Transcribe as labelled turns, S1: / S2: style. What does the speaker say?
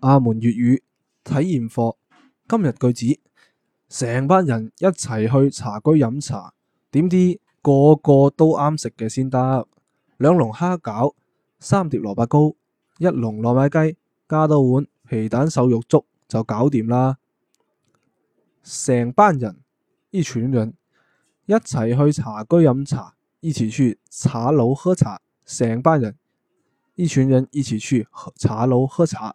S1: 阿門粵語體驗課今日句子，成班人一齊去茶居飲茶，點啲個個都啱食嘅先得。兩籠蝦餃，三碟蘿蔔糕，一籠糯米雞，加多碗皮蛋瘦肉粥就搞掂啦。成班人，一群人一齊去茶居飲茶，一起去茶樓喝茶，成班人，一群人一起去茶樓喝茶。